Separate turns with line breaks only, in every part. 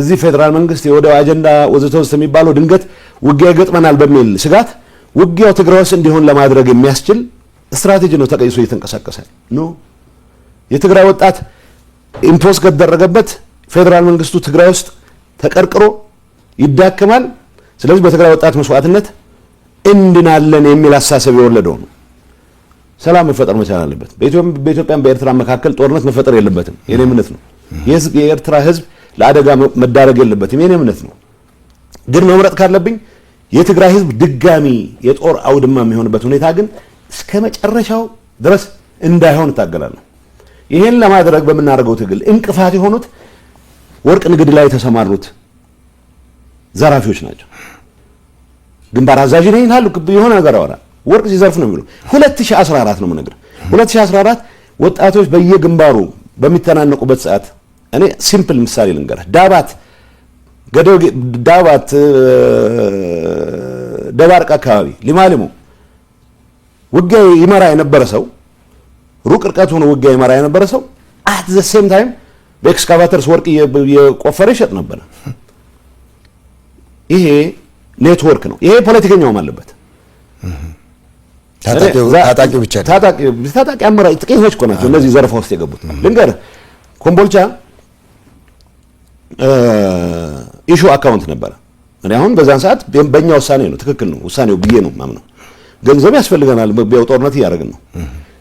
እዚህ ፌዴራል መንግስት የወዲያው አጀንዳ ወዘተ ውስጥ የሚባለው ድንገት ውጊያ ይገጥመናል በሚል ስጋት ውጊያው ትግራይ ውስጥ እንዲሆን ለማድረግ የሚያስችል ስትራቴጂ ነው ተቀይሶ እየተንቀሳቀሰ ኖ የትግራይ ወጣት ኢምፖስ ከተደረገበት ፌዴራል መንግስቱ ትግራይ ውስጥ ተቀርቅሮ ይዳከማል። ስለዚህ በትግራይ ወጣት መስዋዕትነት እንድናለን የሚል አሳሰብ የወለደው ነው። ሰላም መፈጠር መቻል አለበት። በኢትዮጵያ በኤርትራ መካከል ጦርነት መፈጠር የለበትም። የኔ እምነት ነው። የኤርትራ ህዝብ ለአደጋ መዳረግ የለበትም። የኔ እምነት ነው። ግን መምረጥ ካለብኝ የትግራይ ህዝብ ድጋሚ የጦር አውድማ የሚሆንበት ሁኔታ ግን እስከ መጨረሻው ድረስ እንዳይሆን እታገላለሁ። ይሄን ለማድረግ በምናደርገው ትግል እንቅፋት የሆኑት ወርቅ ንግድ ላይ የተሰማሩት ዘራፊዎች ናቸው። ግንባር አዛዥ ነኝ ይላሉ። የሆነ ነገር አወራ ወርቅ ሲዘርፍ ነው የሚሉ 2014 ነው የምነግርህ 2014 ወጣቶች በየግንባሩ በሚተናነቁበት ሰዓት እኔ ሲምፕል ምሳሌ ልንገርህ። ዳባት ገደው ዳባት ደባርቅ አካባቢ ሊማሊሙ ውጊያ ይመራ የነበረ ሰው ሩቅ ርቀት ሆኖ ውጊያ ይመራ የነበረ ሰው አት ዘ ሴም ታይም በኤክስካቫተርስ ወርቅ የቆፈረ ይሸጥ ነበረ። ይሄ ኔትወርክ ነው። ይሄ ፖለቲከኛውም አለበት። ታጣቂ ብቻ ታጣቂ አመራጭ ጥቂቶች እኮ ናቸው እነዚህ ዘረፋ ውስጥ የገቡት። ልንገርህ ኮምቦልቻ ኢሹ አካውንት ነበረ። እኔ አሁን በዛን ሰዓት በእኛ ውሳኔ ነው ትክክል ነው ውሳኔው ብዬ ነው ማምነው። ገንዘብ ያስፈልገናል፣ ቢያው ጦርነት እያደረግን ነው።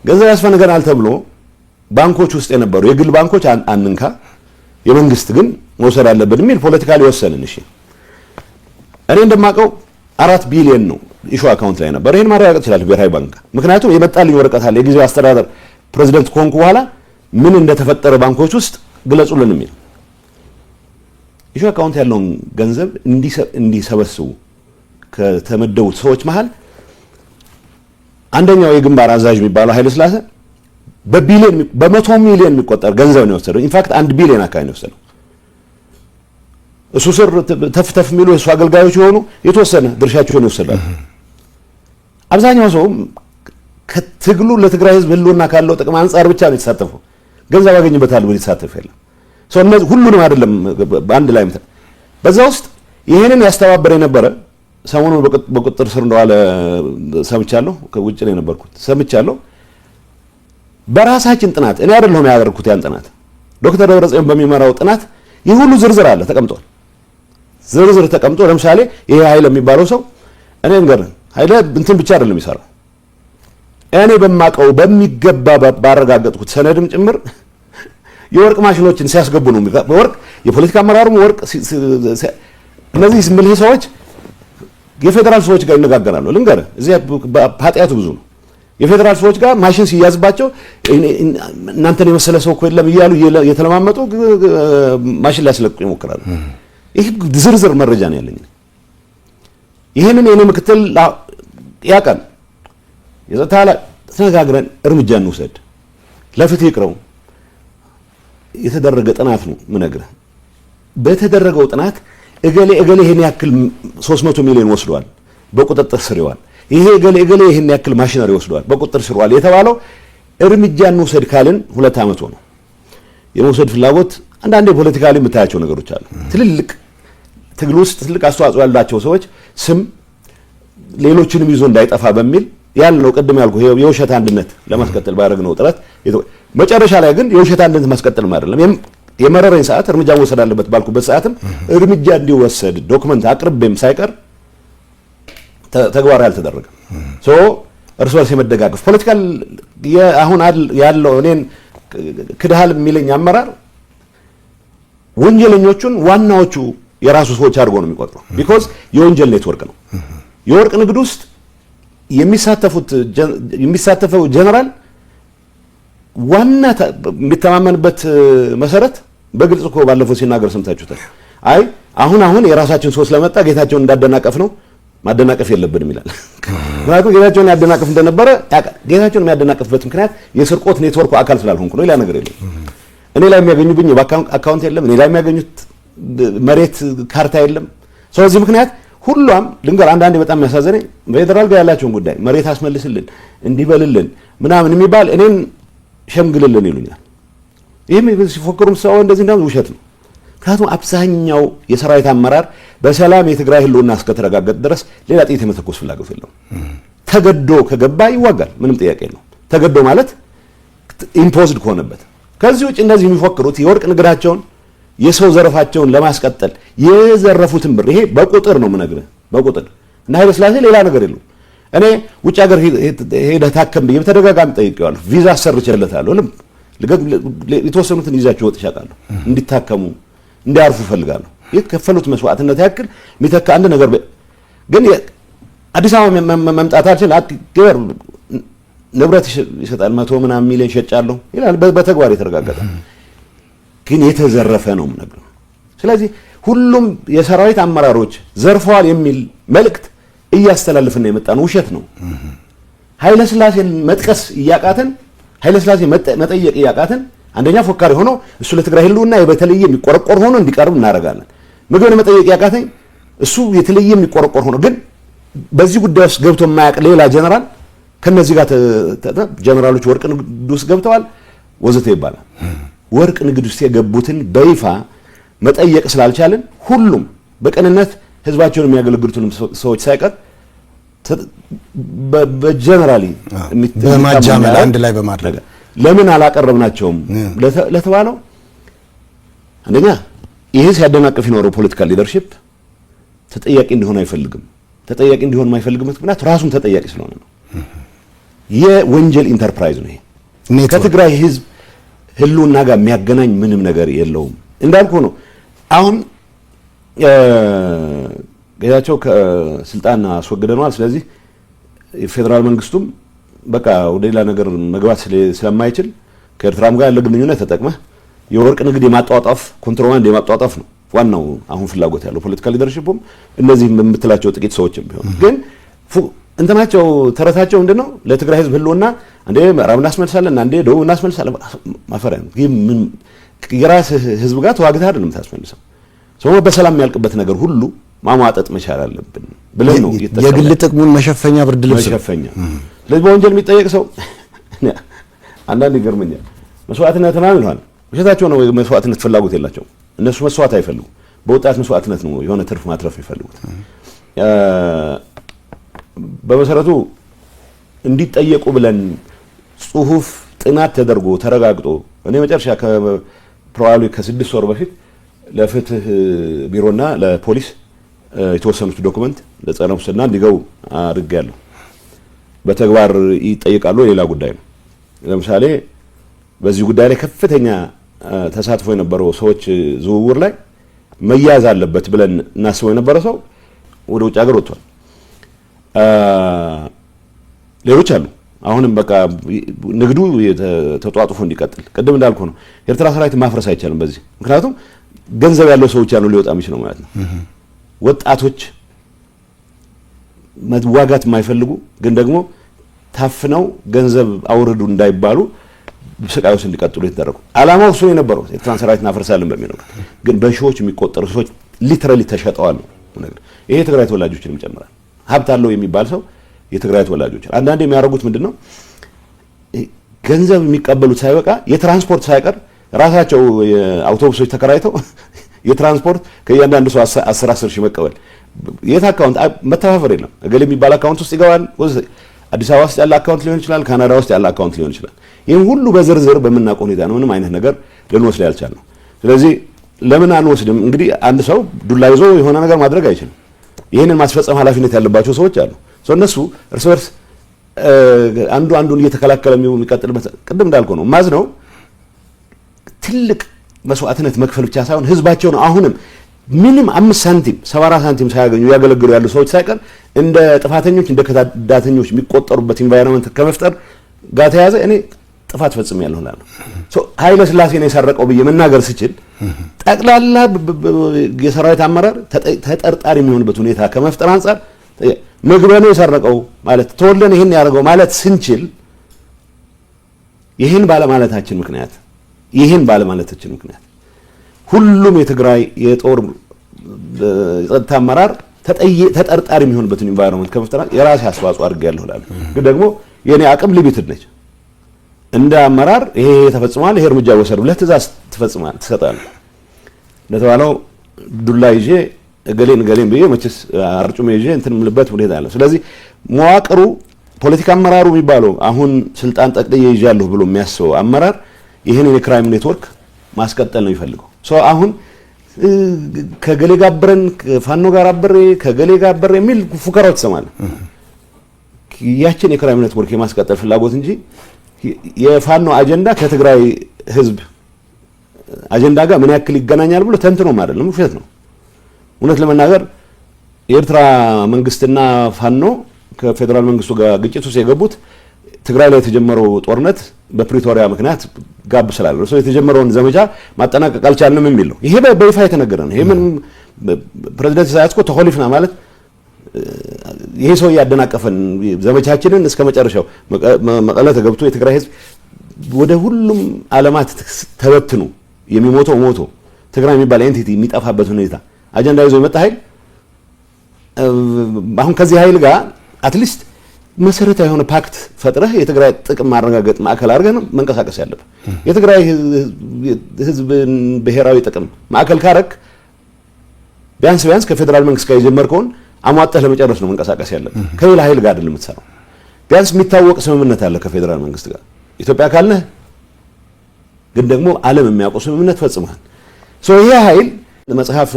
ገንዘብ ያስፈልገናል ተብሎ ባንኮች ውስጥ የነበሩ የግል ባንኮች አንንካ፣ የመንግስት ግን መውሰድ አለብን የሚል ፖለቲካ ሊወሰንን። እሺ እኔ እንደማውቀው አራት ቢሊዮን ነው ኢሹ አካውንት ላይ ነበር። ይህን ማረጋገጥ ይችላል ብሔራዊ ባንክ ምክንያቱም የመጣልኝ ወረቀት አለ። የጊዜው አስተዳደር ፕሬዚደንት ከሆንኩ በኋላ ምን እንደተፈጠረ ባንኮች ውስጥ ግለጹልን የሚል ኢሹ አካውንት ያለውን ገንዘብ እንዲሰበስቡ ከተመደቡት ሰዎች መሀል አንደኛው የግንባር አዛዥ የሚባለው ኃይለ ስላሴ በቢሊዮን በመቶ ሚሊዮን የሚቆጠር ገንዘብ ነው የወሰደው። ኢንፋክት አንድ ቢሊዮን አካባቢ ነው የወሰደው። እሱ ስር ተፍተፍ ተፍ የሚሉ የእሱ አገልጋዮች የሆኑ የተወሰነ ድርሻቸውን ይወሰዳሉ። አብዛኛው ሰው ከትግሉ ለትግራይ ህዝብ ህልውና ካለው ጥቅም አንጻር ብቻ ነው የተሳተፈው። ገንዘብ አገኝበታል ብሎ የተሳተፈ የለም። እነዚህ ሁሉንም አይደለም በአንድ ላይ ምት በዛ ውስጥ ይሄንን ያስተባበረ የነበረ ሰሞኑን በቁጥጥር ስር እንደዋለ ሰምቻለሁ። ከውጭ ላይ የነበርኩት ሰምቻለሁ። በራሳችን ጥናት እኔ አይደለሁም ያደርኩት ያን ጥናት ዶክተር ደብረጽዮን በሚመራው ጥናት ይህ ሁሉ ዝርዝር አለ ተቀምጧል። ዝርዝር ተቀምጦ ለምሳሌ ይሄ ኃይል የሚባለው ሰው እኔ እንገር ኃይለ እንትን ብቻ አይደለም የሚሰራው እኔ በማቀው በሚገባ ባረጋገጥኩት ሰነድም ጭምር የወርቅ ማሽኖችን ሲያስገቡ ነው። ወርቅ የፖለቲካ አመራሩም ወርቅ እነዚህ ምልህ ሰዎች የፌዴራል ሰዎች ጋር ይነጋገራሉ። ልንገር እዚህ ኃጢአቱ ብዙ ነው። የፌዴራል ሰዎች ጋር ማሽን ሲያዝባቸው እናንተን የመሰለ ሰው እኮ የለም እያሉ የተለማመጡ ማሽን ሊያስለቅቁ ይሞክራሉ። ይህ ዝርዝር መረጃ ነው ያለኝ። ይህንን የኔ ምክትል ያቀን የጸጥታ ተነጋግረን እርምጃ እንውሰድ፣ ለፍትህ ይቅረው የተደረገ ጥናት ነው ምነግርህ። በተደረገው ጥናት እገሌ እገሌ ይሄን ያክል 300 ሚሊዮን ወስዷል፣ በቁጥጥር ስር ይዋል። ይሄ እገሌ እገሌ ይሄን ያክል ማሽነሪ ወስዷል፣ በቁጥጥር ስር ይዋል የተባለው እርምጃ እንውሰድ ካልን ሁለት ዓመት ሆነው። የመውሰድ ፍላጎት አንዳንዴ ፖለቲካ ላይ የምታያቸው ነገሮች አሉ። ትልልቅ ትግል ውስጥ ትልቅ አስተዋጽኦ ያላቸው ሰዎች ስም ሌሎችንም ይዞ እንዳይጠፋ በሚል ያልነው ቅድም ያልኩ የውሸት አንድነት ለማስቀጠል ባደረግነው ጥረት መጨረሻ ላይ ግን የውሸት አንድነት ማስቀጠልም አይደለም የመረረኝ ሰዓት እርምጃ ወሰድ አለበት ባልኩበት ሰዓትም እርምጃ እንዲወሰድ ዶክመንት አቅርቤም ሳይቀር ተግባራዊ አልተደረገም። እርስ በርስ የመደጋገፍ ፖለቲካል አሁን ያለው እኔን ክድሃል የሚለኝ አመራር ወንጀለኞቹን ዋናዎቹ የራሱ ሰዎች አድርጎ ነው የሚቆጥረው። ቢኮዝ የወንጀል ኔትወርክ ነው። የወርቅ ንግድ ውስጥ የሚሳተፉት የሚሳተፈው ጀነራል ዋና የሚተማመንበት መሰረት በግልጽ እኮ ባለፈው ሲናገር ሰምታችሁታል። አይ አሁን አሁን የራሳችን ሰው ስለመጣ ጌታቸውን እንዳደናቀፍ ነው ማደናቀፍ የለብንም ይላል። ምክንያቱም ጌታቸውን ያደናቀፍ እንደነበረ ጌታቸውን የሚያደናቀፍበት ምክንያት የስርቆት ኔትወርኩ አካል ስላልሆንኩ ነው። ሌላ ነገር የለም። እኔ ላይ የሚያገኙብኝ አካውንት የለም። እኔ ላይ የሚያገኙት መሬት ካርታ የለም። ስለዚህ ምክንያት ሁሏም ልንገር፣ አንዳንዴ በጣም የሚያሳዝነኝ ፌደራል ጋር ያላቸውን ጉዳይ መሬት አስመልስልን እንዲበልልን ምናምን የሚባል እኔን ሸምግልልን ይሉኛል። ይህም ሲፎክሩም ሰው እንደዚህ እንዳ ውሸት ነው። ምክንያቱም አብዛኛው የሰራዊት አመራር በሰላም የትግራይ ህልውና እስከተረጋገጥ ድረስ ሌላ ጥይት የመተኮስ ፍላጎት የለውም። ተገዶ ከገባ ይዋጋል፣ ምንም ጥያቄ የለውም። ተገዶ ማለት ኢምፖዝድ ከሆነበት። ከዚህ ውጭ እንደዚህ የሚፎክሩት የወርቅ ንግዳቸውን የሰው ዘረፋቸውን ለማስቀጠል የዘረፉትን ብር ይሄ በቁጥር ነው የምነግርህ፣ በቁጥር እና ኃይለስላሴ ሌላ ነገር የለውም። እኔ ውጭ ሀገር ሄደ ታከም ብዬ በተደጋጋሚ ጠይቄዋለሁ። ቪዛ አሰርቼለታለሁ። የተወሰኑትን ይዛቸው ወጥ አውቃለሁ። እንዲታከሙ እንዲያርፉ እፈልጋለሁ። የከፈሉት መስዋዕትነት ያክል የሚተካ አንድ ነገር ግን አዲስ አበባ መምጣት አልችል ገበር ንብረት ይሰጣል። መቶ ምናምን ሚሊዮን ሸጫለሁ ይላል። በተግባር የተረጋገጠ ግን የተዘረፈ ነው የምነግርህ። ስለዚህ ሁሉም የሰራዊት አመራሮች ዘርፈዋል የሚል መልእክት እያስተላልፍን የመጣ ነው። ውሸት ነው። ኃይለ ሥላሴን መጥቀስ እያቃተን፣ ኃይለ ሥላሴ መጠየቅ እያቃተን፣ አንደኛ ፎካሪ ሆኖ እሱ ለትግራይ ህልውና በተለየ የሚቆረቆር ሆኖ እንዲቀርብ እናደርጋለን። ምግብን መጠየቅ እያቃተኝ እሱ የተለየ የሚቆረቆር ሆኖ ግን በዚህ ጉዳይ ውስጥ ገብቶ የማያውቅ ሌላ ጀነራል ከነዚህ ጋር ጀነራሎች ወርቅ ንግድ ውስጥ ገብተዋል ወዘተ ይባላል። ወርቅ ንግድ ውስጥ የገቡትን በይፋ መጠየቅ ስላልቻልን ሁሉም በቅንነት ህዝባቸውን የሚያገለግሉትንም ሰዎች ሳይቀር በጀነራሊ
በማጃመል አንድ ላይ በማድረግ
ለምን አላቀረብናቸውም ለተባለው አንደኛ ይሄ ሲያደናቅፍ የኖረው ፖለቲካል ሊደርሺፕ ተጠያቂ እንዲሆን አይፈልግም። ተጠያቂ እንዲሆን የማይፈልግበት ምክንያት ራሱም ተጠያቂ ስለሆነ ነው። የወንጀል ኢንተርፕራይዝ ነው ይሄ። ከትግራይ ህዝብ ህልውና ጋር የሚያገናኝ ምንም ነገር የለውም። እንዳልኩ ነው አሁን ጌታቸው ከስልጣን አስወግደነዋል። ስለዚህ የፌዴራል መንግስቱም በቃ ወደ ሌላ ነገር መግባት ስለማይችል ከኤርትራም ጋር ያለ ግንኙነት ተጠቅመህ የወርቅ ንግድ የማጧጧፍ ኮንትሮባንድ የማጧጧፍ ነው ዋናው አሁን ፍላጎት ያለው ፖለቲካ ሊደርሽፑም እነዚህ የምትላቸው ጥቂት ሰዎችም ቢሆን ግን እንትናቸው ተረታቸው ምንድን ነው? ለትግራይ ህዝብ ህልውና አንዴ ምዕራብ እናስመልሳለን፣ አንዴ ደቡብ እናስመልሳለን። ማፈሪያ ነው። የራስህ ህዝብ ጋር ተዋግተህ አይደለም የምታስመልሰው ሰው በሰላም የሚያልቅበት ነገር ሁሉ ማሟጠጥ መቻል አለብን ብለን ነው
የግል ጥቅሙን መሸፈኛ ብርድ
ልብስ መሸፈኛ። ስለዚህ በወንጀል የሚጠየቅ ሰው አንዳንድ ይገርመኛል። መስዋዕትነት ምናምን ይልሃል። ውሸታቸው ነው። መስዋዕትነት ፍላጎት የላቸው እነሱ መስዋዕት አይፈልጉ። በወጣት መስዋዕትነት ነው የሆነ ትርፍ ማትረፍ የሚፈልጉት። በመሰረቱ እንዲጠየቁ ብለን ጽሁፍ ጥናት ተደርጎ ተረጋግጦ እኔ መጨረሻ ከፕሮባብሊ ከስድስት ወር በፊት ለፍትህ ቢሮና ለፖሊስ የተወሰኑት ዶክመንት ለጸረ ሙስና እንዲገቡ አድርጌያለሁ። በተግባር ይጠይቃሉ ሌላ ጉዳይ ነው። ለምሳሌ በዚህ ጉዳይ ላይ ከፍተኛ ተሳትፎ የነበረው ሰዎች ዝውውር ላይ መያዝ አለበት ብለን እናስበው የነበረ ሰው ወደ ውጭ ሀገር ወጥቷል። ሌሎች አሉ። አሁንም በቃ ንግዱ ተጧጡፎ እንዲቀጥል ቅድም እንዳልኩ ነው። ኤርትራ ሰራዊት ማፍረስ አይቻልም በዚህ ምክንያቱም ገንዘብ ያለው ሰው ብቻ ነው ሊወጣ የሚችለው ማለት ነው። ወጣቶች መዋጋት የማይፈልጉ ግን ደግሞ ታፍነው ገንዘብ አውርዱ እንዳይባሉ ስቃይ ውስጥ እንዲቀጥሉ የተደረጉ ዓላማው እሱ የነበረው ኤርትራን ሰራዊት እናፈርሳለን በሚለው ግን በሺዎች የሚቆጠሩ ሰዎች ሊትራሊ ተሸጠዋል ነው። ይሄ የትግራይ ተወላጆችንም ይጨምራል። ሀብት አለው የሚባል ሰው የትግራይ ተወላጆች አንዳንዴ የሚያደርጉት ምንድን ነው? ገንዘብ የሚቀበሉት ሳይበቃ የትራንስፖርት ሳይቀር ራሳቸው አውቶቡሶች ተከራይተው የትራንስፖርት ከእያንዳንዱ ሰው አስር አስር ሺህ መቀበል የት አካውንት መተፋፈር የለም። እገሌ የሚባል አካውንት ውስጥ ይገባል። አዲስ አበባ ውስጥ ያለ አካውንት ሊሆን ይችላል። ካናዳ ውስጥ ያለ አካውንት ሊሆን ይችላል። ይህም ሁሉ በዝርዝር በምናውቀው ሁኔታ ነው። ምንም አይነት ነገር ልንወስድ ያልቻል ነው። ስለዚህ ለምን አንወስድም? እንግዲህ አንድ ሰው ዱላ ይዞ የሆነ ነገር ማድረግ አይችልም። ይህንን ማስፈጸም ኃላፊነት ያለባቸው ሰዎች አሉ። እነሱ እርስ በርስ አንዱ አንዱን እየተከላከለ የሚቀጥልበት ቅድም እንዳልኩ ነው ማዝ ነው ትልቅ መስዋዕትነት መክፈል ብቻ ሳይሆን ህዝባቸውን አሁንም ምንም አምስት ሳንቲም ሰባራ ሳንቲም ሳያገኙ እያገለገሉ ያሉ ሰዎች ሳይቀር እንደ ጥፋተኞች እንደ ከዳተኞች የሚቆጠሩበት ኢንቫይሮንመንት ከመፍጠር ጋር ተያዘ እኔ ጥፋት ፈጽም ያለሁ ላለ ኃይለ ሥላሴ ነው የሰረቀው ብዬ መናገር ስችል ጠቅላላ የሰራዊት አመራር ተጠርጣሪ የሚሆንበት ሁኔታ ከመፍጠር አንጻር ምግበ ነው የሰረቀው ማለት ተወልደን ይህን ያደርገው ማለት ስንችል ይህን ባለማለታችን ምክንያት ይህን ባለማለታችን ምክንያት ሁሉም የትግራይ የጦር የጸጥታ አመራር ተጠርጣሪ የሚሆንበትን ኢንቫይሮንመንት ከመፍጠር የራሴ አስተዋጽኦ አድርጌያለሁ እላለሁ። ግን ደግሞ የእኔ አቅም ሊሚትድ ነች። እንደ አመራር ይሄ ተፈጽሟል፣ ይሄ እርምጃ ወሰድ ብለህ ትእዛዝ ትፈጽማል ትሰጣለህ። ለተባለው ዱላ ይዤ እገሌን እገሌን ብዬ መቼስ አርጩሜ ይዤ እንትን የምልበት ሁኔታ አለ። ስለዚህ መዋቅሩ ፖለቲካ አመራሩ የሚባለው አሁን ስልጣን ጠቅልዬ ይዣለሁ ብሎ የሚያስበው አመራር ይህንን የክራይም ኔትወርክ ማስቀጠል ነው የሚፈልገው። አሁን ከገሌ ጋር አብረን ፋኖ ጋር አብሬ ከገሌ ጋር አብሬ የሚል ፉከራው ትሰማለህ። ያችን የክራይም ኔትወርክ የማስቀጠል ፍላጎት እንጂ የፋኖ አጀንዳ ከትግራይ ህዝብ አጀንዳ ጋር ምን ያክል ይገናኛል ብሎ ተንትኖም አይደለም። ውሸት ነው። እውነት ለመናገር የኤርትራ መንግስትና ፋኖ ከፌዴራል መንግስቱ ጋር ግጭት ውስጥ የገቡት ትግራይ ላይ የተጀመረው ጦርነት በፕሪቶሪያ ምክንያት ጋብ ስላለ ሰው የተጀመረውን ዘመቻ ማጠናቀቅ አልቻልንም የሚል ነው። ይሄ በይፋ የተነገረ ነው። ይሄ ፕሬዚደንት ኢሳያስ እኮ ተኮሊፍና ማለት ይሄ ሰው እያደናቀፈን ዘመቻችንን እስከ መጨረሻው መቀለ ተገብቶ የትግራይ ህዝብ ወደ ሁሉም አለማት ተበትኑ የሚሞተው ሞቶ ትግራይ የሚባል ኤንቲቲ የሚጠፋበት ሁኔታ አጀንዳ ይዞ የመጣ ኃይል አሁን ከዚህ ኃይል ጋር አትሊስት መሰረታዊ የሆነ ፓክት ፈጥረህ የትግራይ ጥቅም ማረጋገጥ ማዕከል አድርገህ መንቀሳቀስ ያለብህ። የትግራይ ህዝብን ብሔራዊ ጥቅም ማዕከል ካረክ ቢያንስ ቢያንስ ከፌዴራል መንግስት ጋር የጀመርከውን አሟጠህ ለመጨረስ ነው መንቀሳቀስ ያለብህ። ከሌላ ኃይል ጋር አይደለም የምትሰራው። ቢያንስ የሚታወቅ ስምምነት አለ ከፌዴራል መንግስት ጋር ኢትዮጵያ ካልነህ ግን ደግሞ ዓለም የሚያውቀው ስምምነት ፈጽመሃል። ይሄ ኃይል መጽሐፍ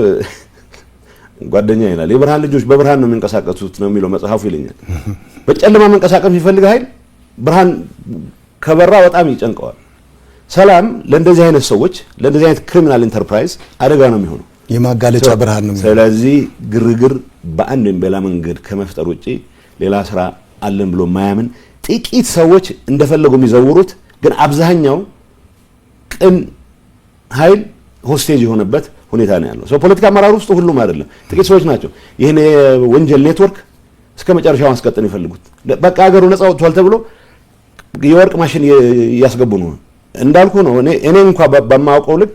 ጓደኛ ይላል የብርሃን ልጆች በብርሃን ነው የሚንቀሳቀሱት ነው የሚለው መጽሐፉ ይለኛል። በጨለማ መንቀሳቀስ የሚፈልግ ኃይል ብርሃን ከበራ በጣም ይጨንቀዋል። ሰላም ለእንደዚህ አይነት ሰዎች ለእንደዚህ አይነት ክሪሚናል ኢንተርፕራይዝ አደጋ ነው የሚሆነው፣
የማጋለጫ ብርሃን ነው።
ስለዚህ ግርግር በአንድ ወይም በሌላ መንገድ ከመፍጠር ውጭ ሌላ ስራ አለን ብሎ ማያምን ጥቂት ሰዎች እንደፈለጉ የሚዘውሩት ግን አብዛኛው ቅን ኃይል ሆስቴጅ የሆነበት ሁኔታ ነው ያለው። ሰው ፖለቲካ አመራር ውስጥ ሁሉም አይደለም፣ ጥቂት ሰዎች ናቸው ይህን የወንጀል ኔትወርክ እስከ መጨረሻው ማስቀጠል የፈልጉት በቃ ሀገሩ ነጻ ወጥቷል ተብሎ የወርቅ ማሽን እያስገቡ ነው። እንዳልኩ ነው። እኔ እንኳ በማውቀው ልክ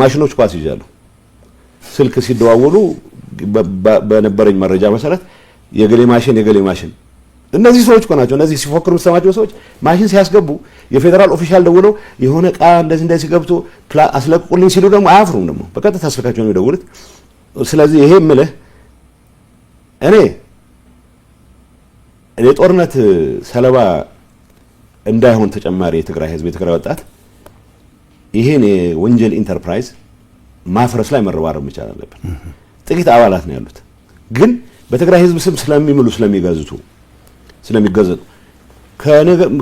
ማሽኖች ኳስ ይዣለሁ። ስልክ ሲደዋወሉ በነበረኝ መረጃ መሰረት የገሌ ማሽን የገሌ ማሽን እነዚህ ሰዎች እኮ ናቸው። እነዚህ ሲፎክሩ የምትሰማቸው ሰዎች ማሽን ሲያስገቡ የፌዴራል ኦፊሻል ደውለው የሆነ እቃ እንደዚህ እንደዚህ ገብቶ አስለቅቁልኝ ሲሉ ደግሞ አያፍሩም። ደግሞ በቀጥታ ስልካቸው ነው የሚደውሉት። ስለዚህ ይሄ የምልህ እኔ የጦርነት ሰለባ እንዳይሆን ተጨማሪ የትግራይ ህዝብ የትግራይ ወጣት ይሄን የወንጀል ኢንተርፕራይዝ ማፍረስ ላይ መረባረብ መቻል አለብን። ጥቂት አባላት ነው ያሉት፣ ግን በትግራይ ህዝብ ስም ስለሚምሉ ስለሚገዝቱ ስለሚገዘጡ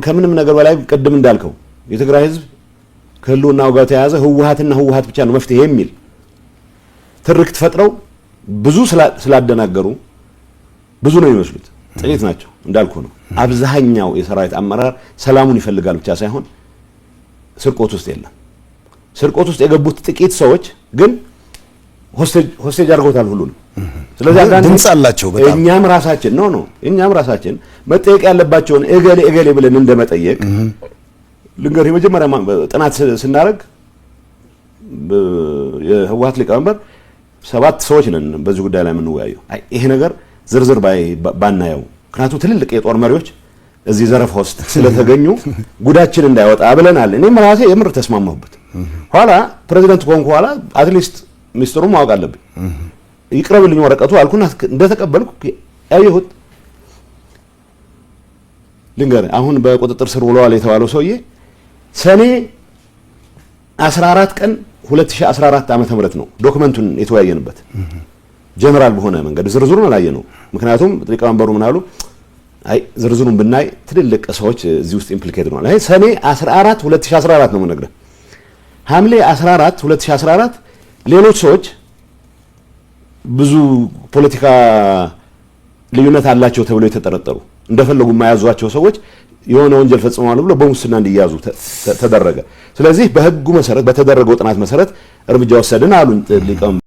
ከምንም ነገር በላይ ቅድም እንዳልከው የትግራይ ህዝብ ከህልውናው ጋር ተያያዘ ህወሀትና ህወሀት ብቻ ነው መፍትሄ የሚል ትርክት ፈጥረው ብዙ ስላደናገሩ ብዙ ነው የሚመስሉት። ጥቂት ናቸው እንዳልኩ ነው። አብዛኛው የሰራዊት አመራር ሰላሙን ይፈልጋል ብቻ ሳይሆን ስርቆት ውስጥ የለም። ስርቆት ውስጥ የገቡት ጥቂት ሰዎች ግን ሆስቴጅ አድርጎታል ሁሉን። ስለዚህ አንዳንድ ድምጽ አላቸው። በጣም እኛም ራሳችን ነው ነው እኛም ራሳችን መጠየቅ ያለባቸውን እገሌ እገሌ ብለን እንደመጠየቅ ልንገር የመጀመሪያ ጥናት ስናደርግ የህወሀት ሊቀመንበር ሰባት ሰዎች ነን በዚህ ጉዳይ ላይ የምንወያየው። ይሄ ነገር ዝርዝር ባናየው፣ ምክንያቱም ትልልቅ የጦር መሪዎች እዚህ ዘረፍ ውስጥ ስለተገኙ ጉዳችን እንዳይወጣ ብለናል። እኔም ራሴ የምር ተስማማሁበት። ኋላ ፕሬዚደንት ከሆንኩ ኋላ አትሊስት ሚስጥሩ ማወቅ አለብኝ። ይቅረብልኝ ወረቀቱ አልኩና እንደተቀበልኩ ያየሁት ልንገርህ፣ አሁን በቁጥጥር ስር ውለዋል የተባለው ሰውዬ ሰኔ 14 ቀን 2014 ዓመተ ምህረት ነው ዶክመንቱን የተወያየንበት ጀነራል በሆነ መንገድ ዝርዝሩን ነው። ምክንያቱም ሊቀመንበሩ ምን አሉ? አይ ዝርዝሩን ብናይ ትልልቅ ሰዎች እዚህ ውስጥ ኢምፕሊኬት ነው። አይ ሰኔ 14 2014 ነው የምነግርህ። ሐምሌ 14 2014 ሌሎች ሰዎች ብዙ ፖለቲካ ልዩነት አላቸው ተብሎ የተጠረጠሩ እንደፈለጉ የማያዟቸው ሰዎች የሆነ ወንጀል ፈጽመዋል ብሎ በሙስና እንዲያዙ ተደረገ። ስለዚህ በህጉ መሰረት በተደረገው ጥናት መሰረት እርምጃ ወሰድን አሉን ሊቀመንበሩ።